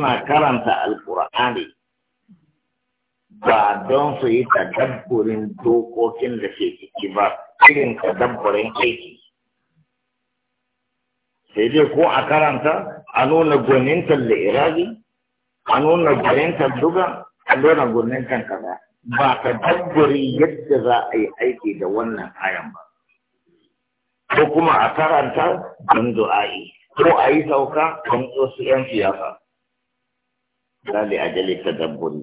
suna karanta alkur'ani ba don su yi tadabburin dokokin da ke ciki ba irin tadabburin aiki sai dai ko a karanta a nuna gwanintar la'irari a nuna gwanintar duga a nuna gwanintar kaza ba tadabburi yadda za a yi aiki da wannan ayan ba ko kuma a karanta don du'a'i ko a yi sauka don wasu 'yan siyasa لا لأجل التدبر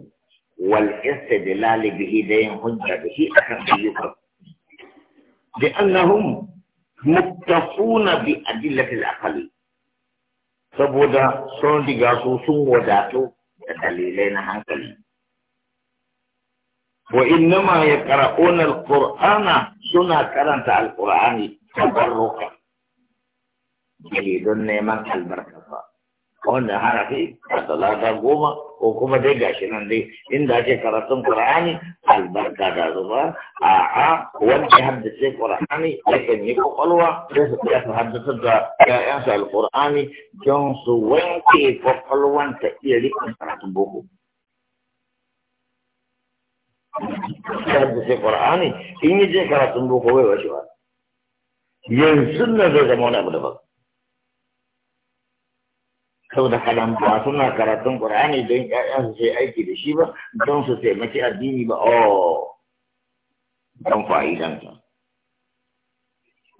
والاستدلال بإيدين حجة به أكثر لأنهم متفون بأدلة الأقل سبودا سون دي غاسو سون هنكل وإنما يقرؤون القرآن سنة كرنت القرآن تبرك دليل نيمان البركة wannan harafi a talata goma ko kuma dai gashi nan dai inda ake karatun ƙura'ani albarka da zuba a a wanda haddace qur'ani yakan yi kwakwalwa sai su ya su haddasa da ƴaƴansu alƙura'ani don su wanke kwakwalwan ta iya riƙon karatun boko haddace ƙura'ani in yi je karatun boko bai wace ba yanzu na zai zama wani abu daban saboda kalan ba suna karatun Qur'ani don ƴaƴan su sai aiki da shi ba don su taimaki addini ba oh don fa'idansa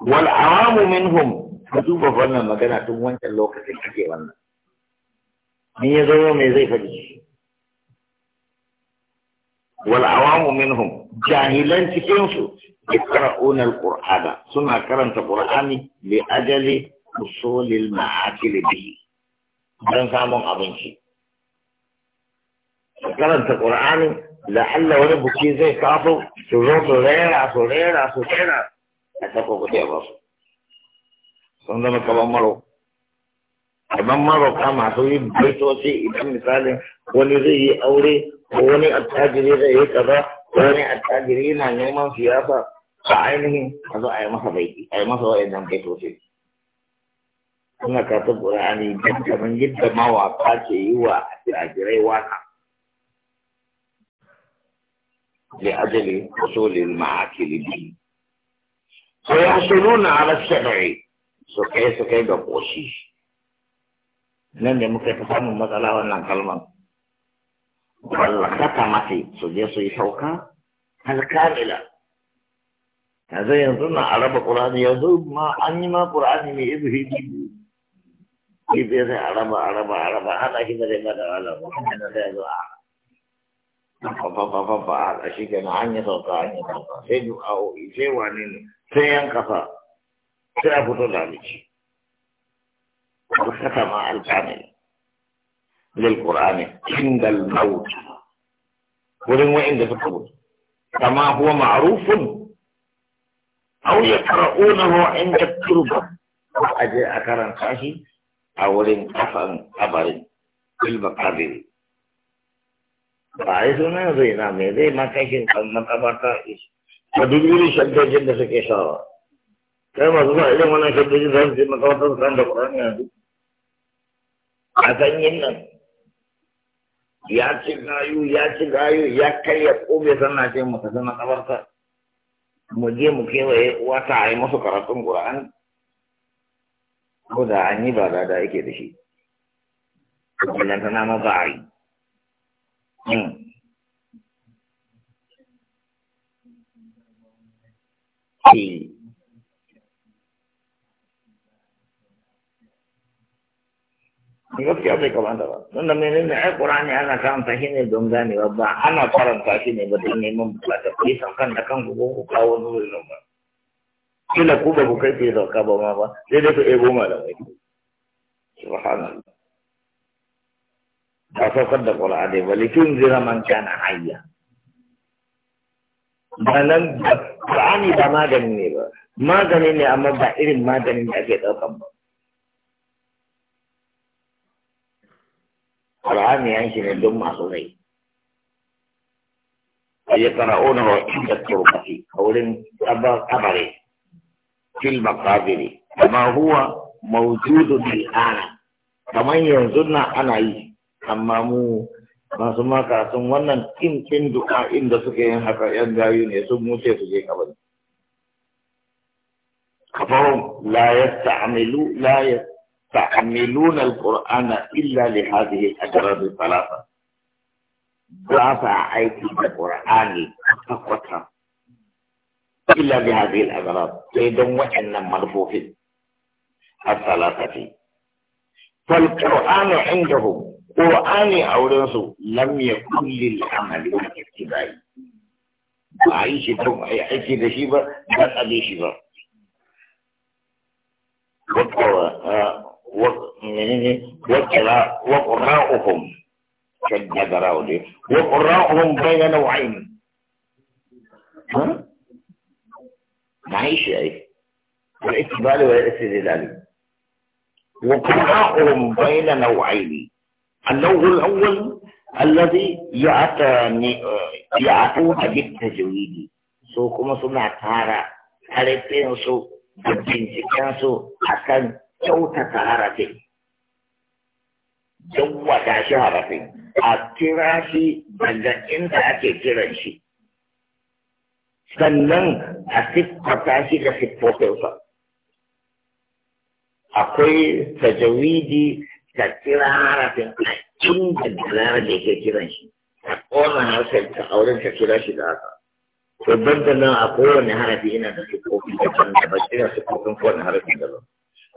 wal awamu minhum ka duba wannan magana tun wancan lokacin ake wannan ni ya zo me zai faɗi wal awamu minhum jahilan cikin su يقرؤون القرآن سنة كرنت قرآني لأجل حصول المعاقل به don samun abinci su karanta ƙur'ani la'alla wani buki zai kafo su zo su rera su rera su rera a sako kuɗi ba su sun zama kaman maro kaman maro ka masu yin baitoci idan misalin wani zai yi aure ko wani attajiri zai yi kaza ko wani attajiri yana neman siyasa a ainihin a zo a yi masa baiti a yi masa wa'in nan baitoci suna karatun ƙura'ani don kamar yadda mawaka ke yi wa jiragirai waka. Da ajali usulin ma'akili biyu. Sai ya sunu na ala shari'i su kai su kai ga ƙoshi. Nan da muka ta samun matsala wannan kalmar. Wallakata mace su je su yi sauka alkamila. Yanzu yanzu na araba ƙura'ani yanzu ma an yi ma ƙura'ani mai izuhi biyu. shi zai sai a raba a raba a raba haɗa shi ba zai bada wala ba yana sai zuwa a fafafafafa a haɗa shi kenan an yi sauka an yi sauka sai du'a'o'i sai wane sai yan kasa sai a da suka mutu kama huwa ma'rufun turba aje a karanta a wurin kafan kabarin bilba kabiri ba a yi sunan zai na mai zai ma kashin kannan kabarta a duk wuri shaddajin da suke shawa kai masu ba idan wannan shaddajin za su je makawatar san da ƙwararren yanzu a sanyin nan ya ci gayu ya ci gayu ya karya kobe sannan ce mu ka zama kabarta mu je mu kewaye wata a yi masu karatun ƙwararren ko da an yi ba da yake da shi wannan tana ma ba ni yi hmm. Sí. gaskiya bai kamata ba tunda menene ai qur'ani ana karanta shi ne don ganewa ba ana karanta shi ne ba don neman bukata ku yi sankan da kanku ko ku kawo zuwa ba kila kuba bukai ku kaba mama dede ba ma ba sai dai ku ego malamai subhanallah ba saukar da qur'ani ba likin zira man kana hayya malam qur'ani ba magani ne ba magani ne amma ba irin maganin da ake daukan ba qur'ani yan shi ne don masu rai يقرؤونه عند التربة أو عند أبري في المقابر كما هو موجود الآن كما ينزلنا أنا Amma أما masu maka sun wannan kin kin duka inda suke yin haka yan gayu ne sun mutu su je kabari kafarun la yasta'milu la yasta'miluna illa li hadhihi al-ajrad al-thalatha ba sa aiki da qur'ani kwata إلا بهذه الأغراض سيدون وإن مرفوف الثلاثة فالقرآن عندهم قرآن أو رسول لم يكن للعمل والاتباع أعيش لهم أي عيش دشيبة بل أديشيبة وقراءهم شد قراءهم وقراؤهم بين نوعين ها معيش أي الاستقبال والاستدلال وقناعهم بين نوعين النوع الاول الذي يعتني يعتون بالتجويد سوكم سنة تارة تلتين سو binciken su سو kan kyautata harafin don wata shi harafin a kira shi daga inda ake kiran shi sannan a siffata shi da siffofinsa akwai tajawidi da kira harafin a inda da da ke kiran shi a ƙona harshen ta auren ta kira shi da haka to ban da nan a kowane harafi ina da siffofi da can da ba kira siffofin kowane harafi da ba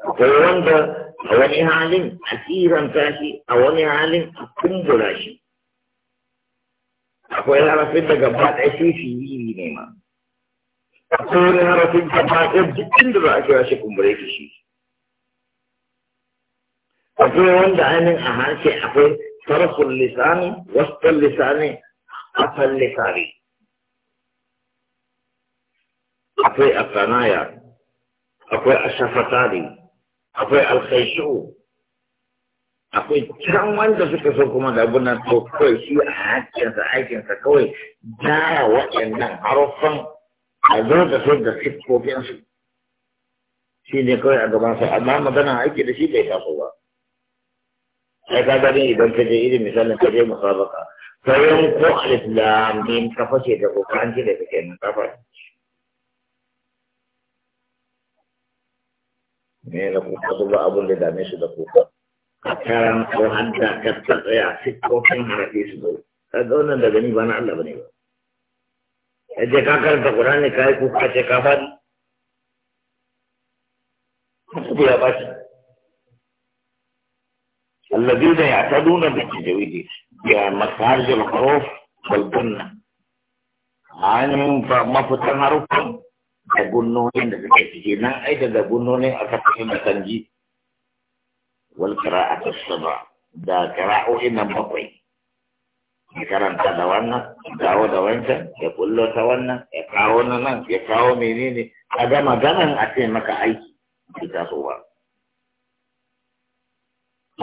akwai wanda a wani halin a tsiranta shi a wani halin a kumbura shi akwai harafin da gaba ɗaya shi shi ne ma akwai wani harafin ka ba ɗaya duk inda za a kira shi kumbure ki shi akwai wanda ainihin a harshe akwai tarafin lisani wasan lisani asan lisani akwai a sanaya akwai a ashafatari akwai alkhaishu akwai can wanda suka so kuma da abunan to kawai shi a hakinsa aikinsa kawai jara waɗannan haruffan a zo da su da siffofinsu shi ne kawai a gaban gabansa amma magana aiki da shi bai taso ba sai ka gani idan ka je irin misalin ka je musabaka sayan ko alif lam mim ka fashe da ko an ji da kake nan kafa me da ku ka duba abun da dame su da ku ka karan ko hadda ka tsaya sifofin harafi su ka ga wannan da ni ba na Allah bane ba je ka karanta Qur'ani ka yi kuka ce ka faɗi ku ya bashi الذين يعتدون بالتجويد بمخارج الحروف والبنة عن مفتن حروفهم البنونين الذين أيضا البنونين أفتحهم والقراءة الصبع دا قراءة إنهم بقي ya karanta da wannan dawo da wancan ya kullo ta wannan ya kawo na nan ya kawo menene a ga maganan a ce maka aiki bai taso ba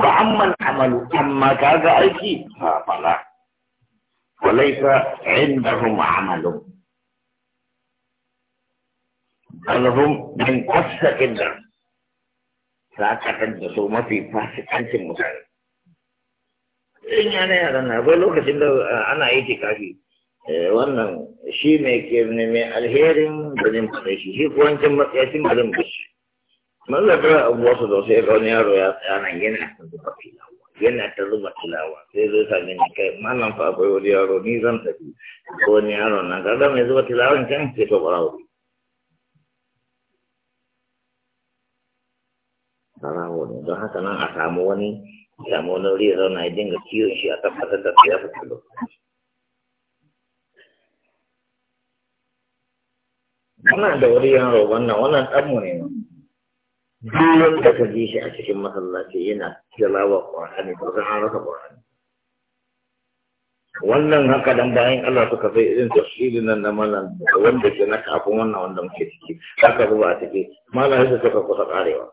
ba amman amalu amma ka ga aiki ba fala walaisa indahum amalun balhum min qasakin da Ta ka da su mafi fasikancin mutane Eh, in yana yaran na akwai lokacin da eh, ana yi tikafi eh, wannan shi mai ke ne mai alherin ganin zai faɗa shi shi kuwancin matsayacin ba zan bashi mallabar abuwa su da sai ga wani yaro ya tsaya nan yana ta zuba filawa yana ta zuba filawa sai zai sami ni kai mallam fa akwai wani yaro ni zan tafi ko wani yaro nan kaga mai zuba filawan can sai to barawo barawo ne don haka nan a samu wani samu wani wuri ya zauna ya dinga kiwon shi a tabbatar da ya fita lokaci wannan da wuri yaro wannan wannan ɗanmu ne duk da ka ji shi a cikin masallaci yana tilawa ƙwarani to sai an rasa ƙwarani wannan haka dan bayan Allah suka sai irin tafsirin nan na malam wanda ke na kafin wannan wanda muke ciki haka zuwa a ciki malam sai suka kusa ƙarewa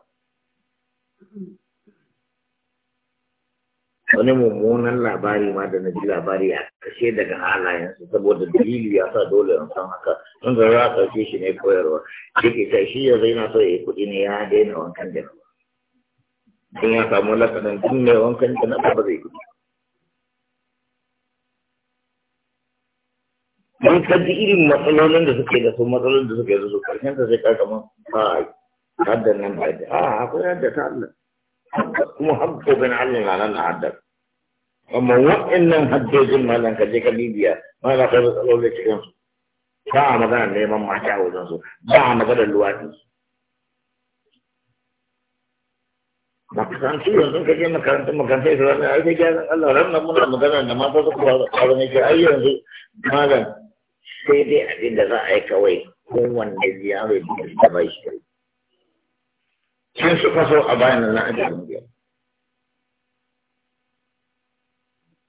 wani mummunan labari ma da na ji labari a kashe daga halayensu saboda dalili ya sa dole in san haka in ga za a ɗauke shi ne koyarwa yake ta shi ya zai na so ya yi kuɗi ne ya daina wankan da in ya samu lakanin tun ne wankan da na ba zai kuɗi Mun ka ji irin matsalolin da suke da su matsalolin da suke da su karshen ta sai ka kama ba haddan nan ba a ah, akwai hadda ta Allah kuma har gobe na Allah na nan na haddar amma wa'annan haddojin malam ka je ka bibiya malam ka tsalo da cikin su ba a magana neman mata a wajen su ba a magana luwaɗi makarantu yanzu ka je makaranta makaranta ya zama ai sai gyaran Allah ranar muna magana da mata su kuwa kwaro ke ai yanzu malam sai dai abin da za a yi kawai kowanne ziyarar da ba shi kin suka so a bayan nan a jami'a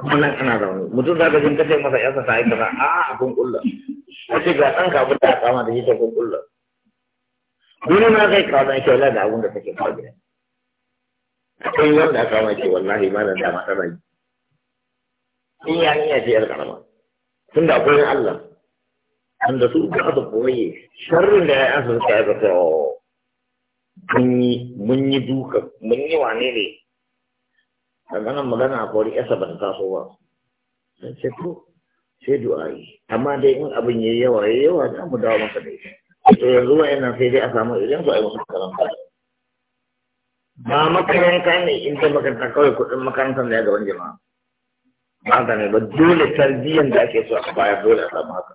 wannan ana zaune mutum za ka jin kace masa yasa ta yi kaza a abun kulla kace ga ɗan ka da kama da shi ta kun kulla dole na kai ka dan shaula da abun da take faɗi akwai wanda aka ma ce wallahi ma da dama ta bai in ya ni ya ce yar karama tun da akwai Allah an da su ba su boye sharrin da ya yi ka ce oh, mun yi mun yi duka mun yi wane ne maganan magana a kori yasa ban taso ba sai ce ko sai du'a'i amma dai in abin yayi yawa yayi yawa za mu dawo maka dai to yanzu wa'annan sai dai a samu idan su a yi musu karanta ba makaranta ne in ta makaranta kawai kuɗin makarantar da ya gaban jama'a ba ta ne ba dole tarbiyyar da ake so a bayar dole a samu haka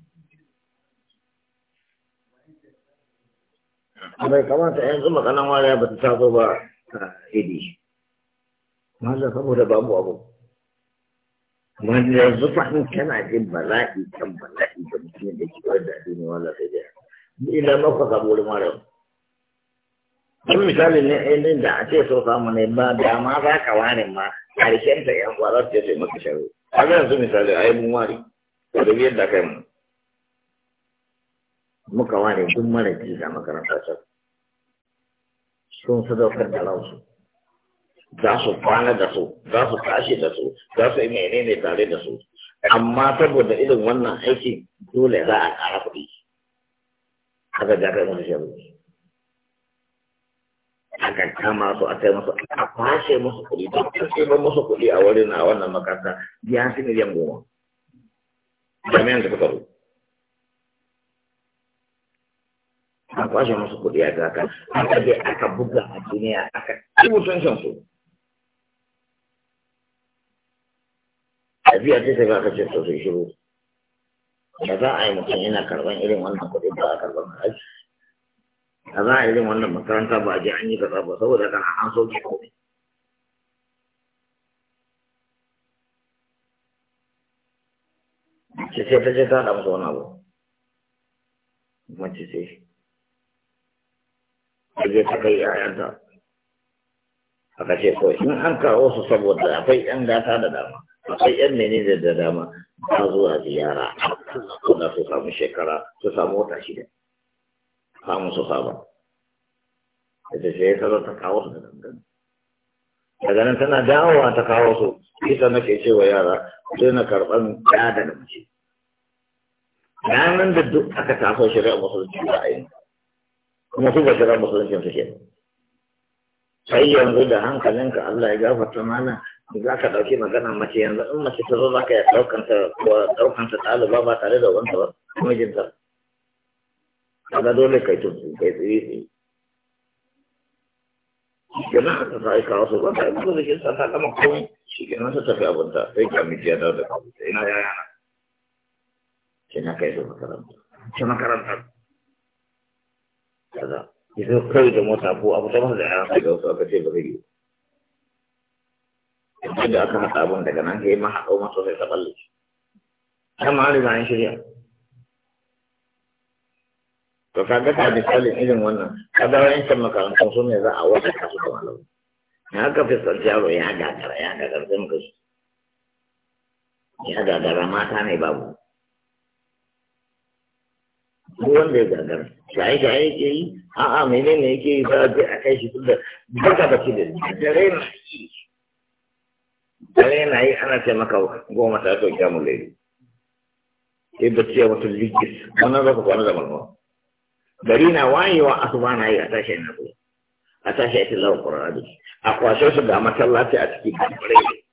bai kamata yanzu maganan wariya ba ta taso ba idi maza saboda babu abu wanda yanzu fahimta na jin bala'i kan bala'i da mutum da ke kawai da addini wanda sai da ila maka sabo da mara Wani misali ne ainihin eh, da a ce so samu ne ba da ma za ka ware ma karshen ta yan kwarar ce sai maka sharo. A yanzu misali a yi mun wari. wadda biyar da kai mu. muka ware duk mara kisa makarantar can sun sadaukar da lausu za su kwana da su za su tashi da su za su yi ne tare da su amma saboda irin wannan aiki dole za a kara kuɗi haka ga kai musu shirin a kama masu a kai musu a kwashe musu kuɗi don kashe ba musu kuɗi a wurin a wannan makaranta ya fi miliyan goma jami'an da suka rubuta a kwashe musu kuɗi a kaka aka je aka buga a duniya aka ci shan su tafiya ce ta kaka ce sosai shiru Ba za a yi mutum yana karɓar irin wannan kuɗi ba a karɓar haji Ba za a yi irin wannan makaranta ba a ji an yi kaza ba saboda kana an soke kuɗi ce sai ta ce ta haɗa musu wani abu mace ce je ta kai yayanta aka ce ko in an kawo su saboda akwai yan gata da dama akwai yan mene da dama ba zuwa ziyara kuna su samu shekara su samu wata shida samu su saba da ce ya ta kawo su da dangane daga nan tana dawowa ta kawo su ita ke cewa yara sai na karɓan ya da mace ranar da duk aka taso shari'a musulunci ba a yi kuma su ba shiga musulunci su ke sai yanzu da hankalinka Allah ya gafarta mana za ka ɗauki magana mace yanzu in mace ta zo za ka ɗaukanta ɗaukanta ɗaliba ba tare da wanta ba mijinta kaga dole kai tuntun kai tsaye yi kenan aka sa aika wasu ba ta yi da shi ta kama komai shi kenan ta tafi abinta sai ka miji ya dawo da kawo ina yaya na shi na kai su makaranta shi makaranta kaza yanzu kawai da mota ko abu ta masa da yaran daga wasu ka ce ba zai yi yanzu da aka haɗa abin daga nan sai ma haɗau masa sai ta balle kan ma riga an shirya to kaga ta misalin irin wannan kaga wani kan makarantun su ne za a wata kasu da malamai na haka fiskanci yaro ya gagara ya gagara zan shi. ya gagara mata ne babu duk wanda ya gagara shaye shaye ke yi a'a ne yake yi ba a je a kai shi tun da baka ba shi da dare na yi dare na yi ana ce maka goma ta to kya mun lele sai bacci ya wata ligis wannan ba ka kwana da malama gari na wayewa a asuba na yi a tashi na ku a tashi ya tilawa kurani a kwashe su ga masallaci a cikin rai.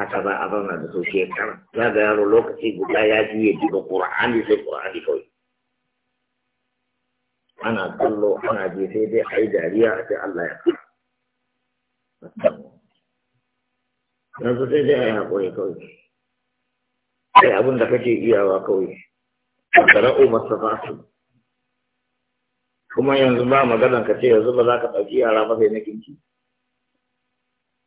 haka za a zauna da su shekara za ga yaro lokaci guda ya ji ya duba ƙur'ani sai ƙur'ani kawai ana kallo ana je sai dai a yi dariya a ce Allah ya kara yanzu sai dai a yi haƙuri kawai sai abin da kake iyawa kawai a kara'u masu kuma yanzu ba maganan ka ce yanzu ba za ka ɗauki yara ba sai na kinki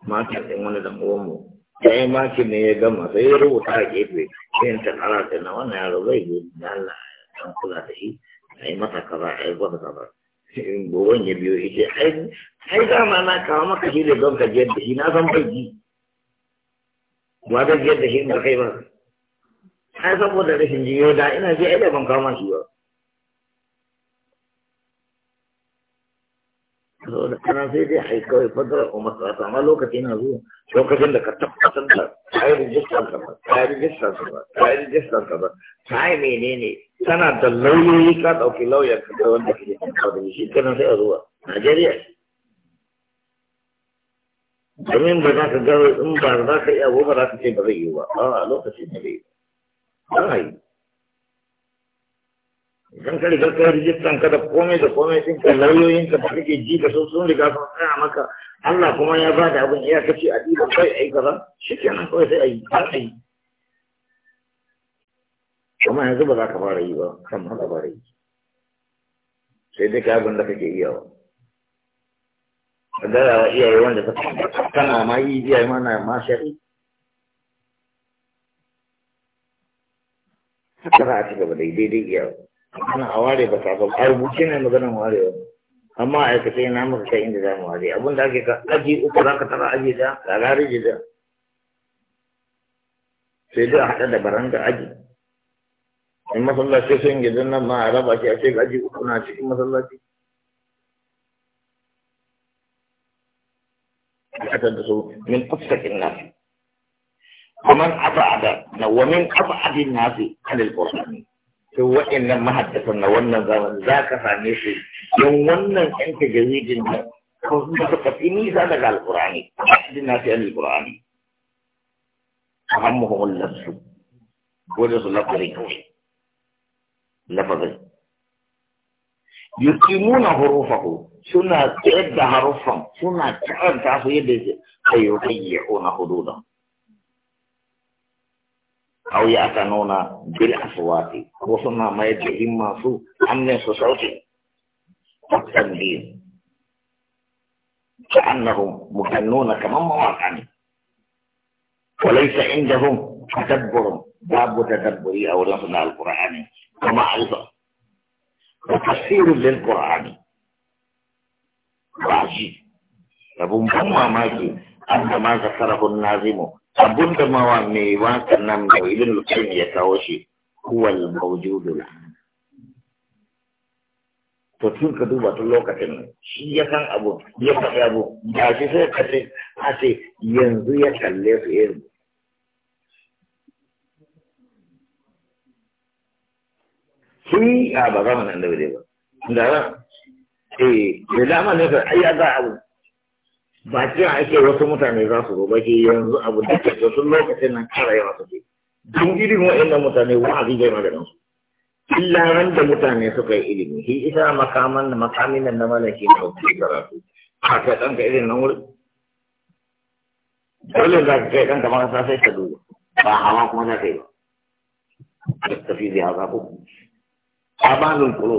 mata ɗin wani dan uwanmu ya yi maki ne ya gama sai ya rubuta a gefe sai ta ta na wannan yaro zai yi da Allah kula da shi a yi masa kaza a yi gwada kaza in ya biyo shi ce ai ai dama na kawo maka shi da don ka jiyar da shi na san bai ji ba zan jiyar da shi in ba kai ba ai saboda rashin jiyo da ina ji ai da ban kawo mashi ba sai dai a yi kawai fadar a masu amma lokacin na zuwa lokacin da ka tabbatar da ta yi rijistar ka ba ta yi rijistar ka ba ta yi rijistar ka ba ta yi menene tana da lauyoyi ka ɗauki lauyar ka da wanda ke tabbatar da shi kenan sai a zuwa najeriya domin ba za ka ga in ba za ka iya ba za ka ce ba zai yi ba a lokacin da zai yi ba za a yi idan ka riga kai rijistan ka da komai da komai din ka lauyoyin ka da kake ji da sun sun riga sun tsaya maka Allah kuma ya ba da abin iya ce a diban kai ai kaza shikenan kawai sai ayi har ayi kuma yanzu ba za ka fara yi ba kan ka fara yi sai dai ka abin da kake iya wa kadara wa iyaye wanda ta tana ma yi iyaye mana ma shari'a haka za a ci gaba daidai dai iyawa ana a ware ba kafin a rubuce ne maganan warewa amma aikace na maka kai inda za mu ware abin da ake ka aji uku za ka tara aji da lalari ji da sai dai a haɗa da baranda aji in masallaci sun gidan nan ma a raba shi a ce aji uku na cikin masallaci hatar da su min afsakin nasi ومن أبعد ومن أبعد الناس عن القرآن to waɗannan mahaddatan na wannan zaman za ka same shi don wannan ɗan tajaridin nan ko da suka fi ni nisa daga alƙur'ani din na fi alƙur'ani a hammuhun lafsu ko da su lafazin kawai lafazin yukimuna hurufahu suna tsayar da haruffan suna karanta su yadda ayyukan yi'una hududan أو يأتنون بالأصوات وصلنا ما يدعيهم ما سوء أمن صوتي التنبيه كأنهم مجنون كما مواقع وليس عندهم تدبر باب تدبري أو لفنا القرآن كما أيضا وتفسير للقرآن وعجيب فبن ماجي أن ما ذكره النازم abun da mawa mai wasan nan da ilin mutum ya kawo shi huwal mawjudul to tun ka duba tun lokacin shi ya san abu ya faɗi abu da shi sai ka ce a ce yanzu ya kalle su yanzu yi a ba nan da ba da eh da dama ne ka ai ya ga abu ba kira ake wasu mutane za su zo ba yanzu abu da ke sun lokacin nan kara yawa su ke don irin wa'annan mutane da ya magana su illa da mutane suka yi ilimi shi isa makaman da makamin nan na malaki na wasu su a kai ɗanka irin nan wuri dole za ka kai ɗanka marasa sai ka duba ba hawa kuma za ka yi ba da tafi zai haka ko abanin kulo